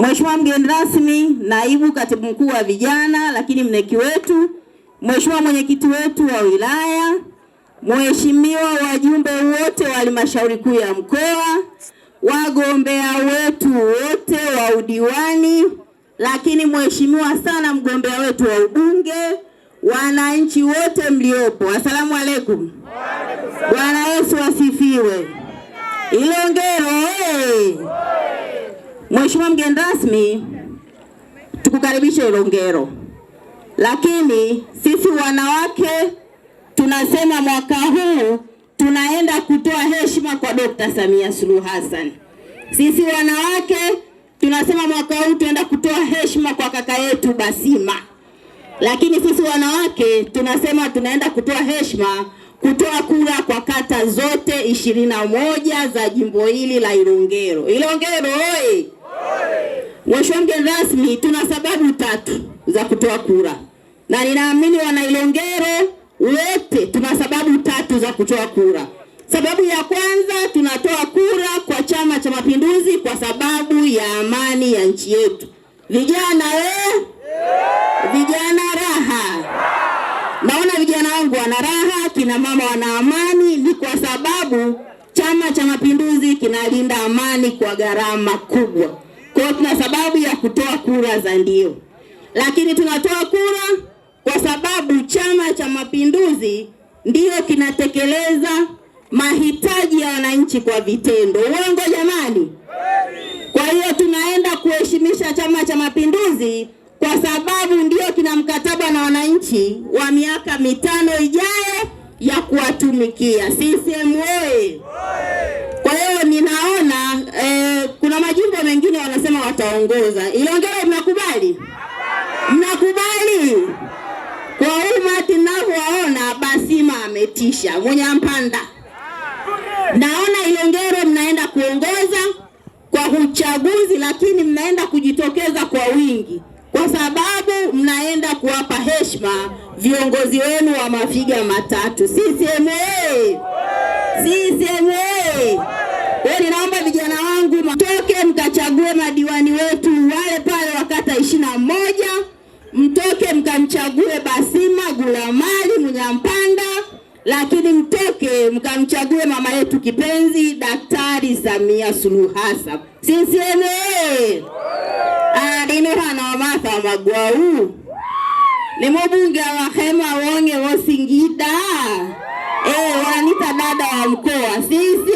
Mheshimiwa mgeni rasmi, naibu katibu mkuu wa vijana, lakini mneki wetu, Mheshimiwa mwenyekiti wetu wa wilaya, Mheshimiwa wajumbe wote wa halmashauri kuu ya mkoa, wagombea wetu wote wa udiwani, lakini mheshimiwa sana mgombea wetu wa ubunge, wananchi wote mliopo, asalamu alaykum. Bwana Yesu asifiwe. Ilongero hey. Mheshimiwa mgeni rasmi, tukukaribishe Ilongero, lakini sisi wanawake tunasema mwaka huu tunaenda kutoa heshima kwa Dr. Samia Suluhu Hassan. Sisi wanawake tunasema mwaka huu tunaenda kutoa heshima kwa kaka yetu Basima, lakini sisi wanawake tunasema tunaenda kutoa heshima kutoa kura kwa kata zote ishirini na moja za jimbo hili la Ilongero. Ilongero oye! Washonge rasmi, tuna sababu tatu za kutoa kura, na ninaamini wanailongero wote tuna sababu tatu za kutoa kura. Sababu ya kwanza, tunatoa kura kwa Chama cha Mapinduzi kwa sababu ya amani ya nchi yetu. Vijana we, vijana raha, naona vijana wangu wana raha, kina mama wana amani, ni kwa sababu Chama cha Mapinduzi kinalinda amani kwa gharama kubwa. Kwa hiyo tuna sababu ya kutoa kura za ndio, lakini tunatoa kura kwa sababu Chama cha Mapinduzi ndio kinatekeleza mahitaji ya wananchi kwa vitendo. Uongo jamani? Kwa hiyo tunaenda kuheshimisha Chama cha Mapinduzi kwa sababu ndio kina mkataba na wananchi wa miaka mitano ijayo ya kuwatumikia. CCM oye! Kwa hiyo nina ataongoza. ilongero mnakubali? Mnakubali? Kwa umati navyoona Basima ametisha, Munyampanda naona Ilongero mnaenda kuongoza kwa uchaguzi, lakini mnaenda kujitokeza kwa wingi, kwa sababu mnaenda kuwapa heshima viongozi wenu wa mafiga matatu. CCM! CCM! Ninaomba yaani vijana wangu mtoke mkachague madiwani wetu wale pale wa kata ishirini na moja, mtoke mkamchague Basima Gulamali Mnyampanda, lakini mtoke mkamchague mama yetu kipenzi Daktari Samia Suluhu Hassan. CCM adinohana ah, magwau wamagwau ni wa Hema wonge wosingida eh, wanita dada wa mkoa sisi